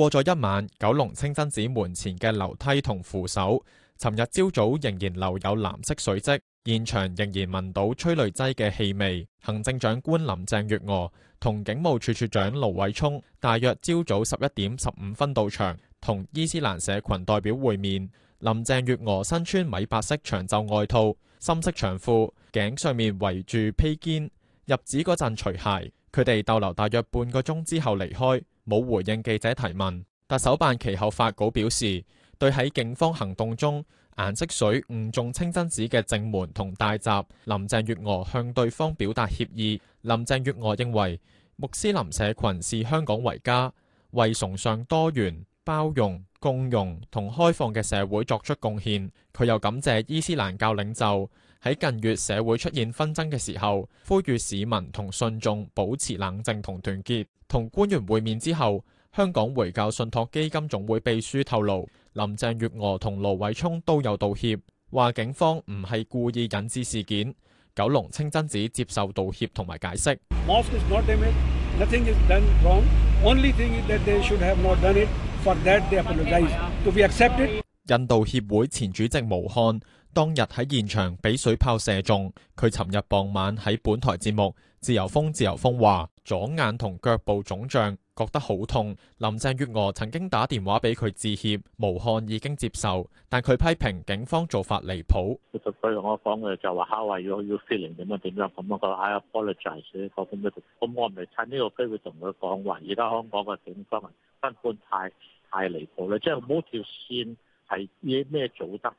過咗一晚，九龍清真寺門前嘅樓梯同扶手，尋日朝早仍然留有藍色水跡，現場仍然聞到催淚劑嘅氣味。行政長官林鄭月娥同警務處處長盧偉聰大約朝早十一點十五分到場，同伊斯蘭社群代表會面。林鄭月娥身穿米白色長袖外套、深色長褲，頸上面圍住披肩。入寺嗰陣除鞋，佢哋逗留大約半個鐘之後離開，冇回應記者提問。特首辦其後發稿表示，對喺警方行動中顏色水誤中清真寺嘅正門同大閘，林鄭月娥向對方表達歉意。林鄭月娥認為穆斯林社群視香港為家，為崇尚多元、包容、共融同開放嘅社會作出貢獻。佢又感謝伊斯蘭教領袖。喺近月社會出現紛爭嘅時候，呼籲市民同信眾保持冷靜同團結。同官員會面之後，香港回教信託基金總會秘書透露，林鄭月娥同盧偉聰都有道歉，話警方唔係故意引致事件。九龍清真寺接受道歉同埋解釋。印度協會前主席毛漢當日喺現場俾水炮射中，佢尋日傍晚喺本台節目《自由風》自由風話左眼同腳部腫脹，覺得好痛。林鄭月娥曾經打電話俾佢致歉，毛漢已經接受，但佢批評警方做法離譜。其實佢同我講嘅就話 How are you feeling 點啊點啊咁啊個 I apologize 嗰啲咩嘅，咁我咪趁呢個機會同佢講話，而家香港個警方根本太太離譜啦，即係冇條線。係咩做得？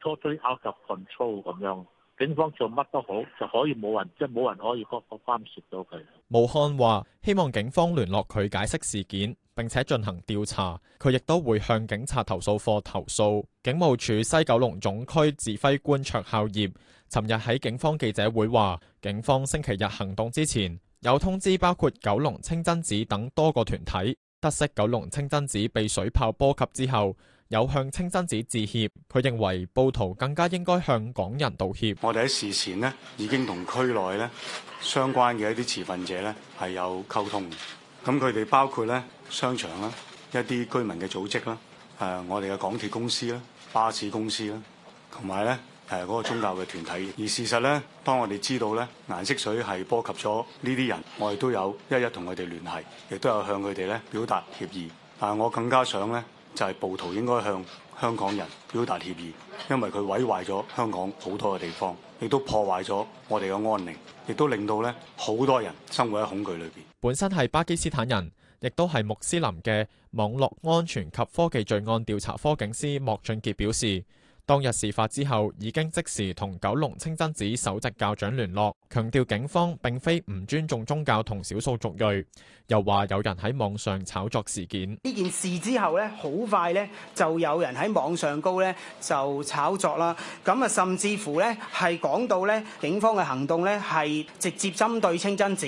拖追啲 a Control 咁樣，警方做乜都好，就可以冇人即係冇人可以嗰個干涉到佢。毛漢話希望警方聯絡佢解釋事件，並且進行調查。佢亦都會向警察投訴課投訴。警務處西九龍總區指揮官卓孝業，尋日喺警方記者會話，警方星期日行動之前有通知包括九龍清真寺等多個團體。得悉九龍清真寺被水炮波及之後，有向清真寺致歉，佢認為暴徒更加應該向港人道歉。我哋喺事前呢已經同區內呢相關嘅一啲持份者呢，係有溝通，咁佢哋包括呢商場啦，一啲居民嘅組織啦，誒、啊，我哋嘅港鐵公司啦，巴士公司啦，同埋呢誒嗰、啊那個宗教嘅團體。而事實呢，當我哋知道呢顏色水係波及咗呢啲人，我哋都有一一同佢哋聯繫，亦都有向佢哋呢表達歉意。但、啊、係我更加想呢。就係暴徒應該向香港人表達歉意，因為佢毀壞咗香港好多嘅地方，亦都破壞咗我哋嘅安寧，亦都令到咧好多人生活喺恐懼裏面。本身係巴基斯坦人，亦都係穆斯林嘅網絡安全及科技罪案調查科警司莫俊傑表示。當日事發之後，已經即時同九龍清真寺首席教長聯絡，強調警方並非唔尊重宗教同少數族裔。又話有人喺網上炒作事件。呢件事之後呢，好快呢，就有人喺網上高呢就炒作啦。咁啊，甚至乎呢，係講到呢，警方嘅行動呢係直接針對清真寺。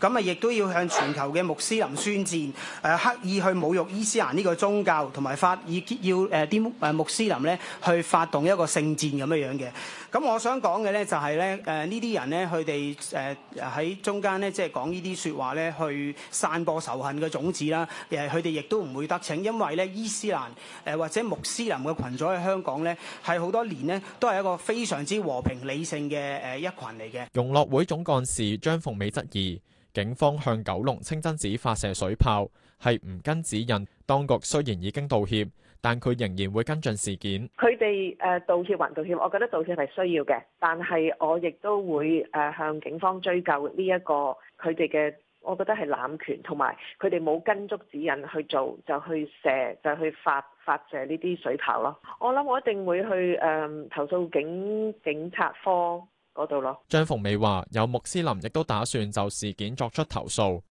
咁啊，亦都要向全球嘅穆斯林宣戰，刻意去侮辱伊斯蘭呢個宗教，同埋發以法要誒啲穆斯林呢去。發動一個聖戰咁樣樣嘅，咁我想講嘅呢就係咧，誒呢啲人呢，佢哋誒喺中間呢，即係講呢啲説話呢，去散播仇恨嘅種子啦，誒佢哋亦都唔會得逞，因為呢，伊斯蘭誒或者穆斯林嘅群組喺香港呢，係好多年呢，都係一個非常之和平理性嘅誒一群嚟嘅。融樂會總幹事張鳳美質疑，警方向九龍清真寺發射水炮係唔跟指引，當局雖然已經道歉。但佢仍然會跟進事件。佢哋誒道歉還道歉，我覺得道歉係需要嘅。但係我亦都會誒向警方追究呢一個佢哋嘅，我覺得係濫權同埋佢哋冇跟足指引去做，就去射就去發發射呢啲水炮咯。我諗我一定會去誒、嗯、投訴警警察科嗰度咯。張鳳美話：有穆斯林亦都打算就事件作出投訴。